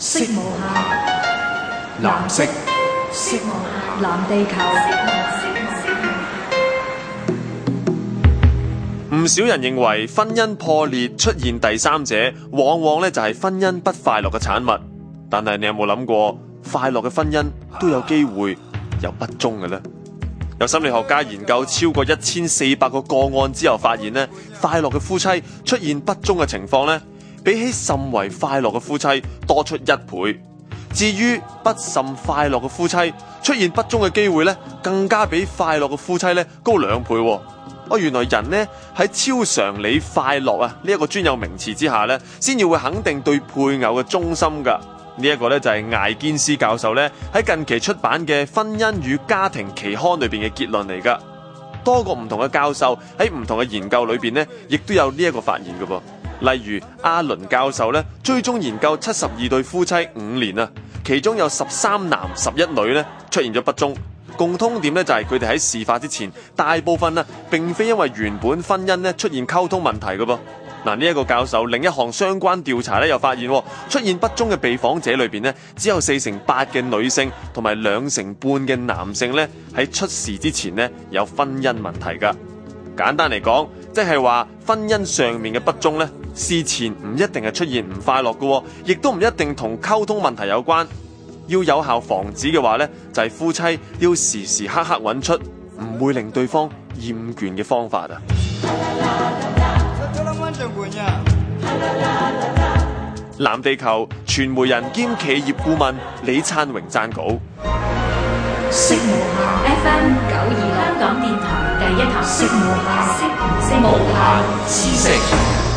色無下藍色，色無下，藍地球。唔少人認為婚姻破裂，出現第三者，往往咧，就係婚姻不快樂嘅產物。但係你有冇諗過，快樂嘅婚姻都有機會有不忠嘅呢？有心理學家研究超過一千四百個個案之後，發現呢，快樂嘅夫妻出現不忠嘅情況呢。比起甚為快樂嘅夫妻多出一倍，至於不甚快樂嘅夫妻出現不忠嘅機會咧，更加比快樂嘅夫妻咧高兩倍。哦，原來人呢喺超常理快樂啊呢一個專有名詞之下咧，先至會肯定對配偶嘅忠心噶。呢、這、一個咧就係艾堅斯教授咧喺近期出版嘅《婚姻與家庭期刊》裏邊嘅結論嚟噶。多個唔同嘅教授喺唔同嘅研究裏邊咧，亦都有呢一個發現噶噃。例如阿倫教授咧，追蹤研究七十二對夫妻五年啊，其中有十三男十一女咧出現咗不忠。共通點咧就係佢哋喺事發之前，大部分咧並非因為原本婚姻咧出現溝通問題嘅噃。嗱，呢一個教授另一項相關調查咧又發現，出現不忠嘅被訪者裏邊呢，只有四成八嘅女性同埋兩成半嘅男性咧喺出事之前呢有婚姻問題噶。簡單嚟講。即係話婚姻上面嘅不忠呢，事前唔一定係出現唔快樂噶，亦都唔一定同溝通問題有關。要有效防止嘅話呢，就係夫妻要時時刻刻揾出唔會令對方厭倦嘅方法啊！藍地球傳媒人兼企業顧問李燦榮撰稿。F M 九二香港電台第一台，聲無限，聲無限，知識。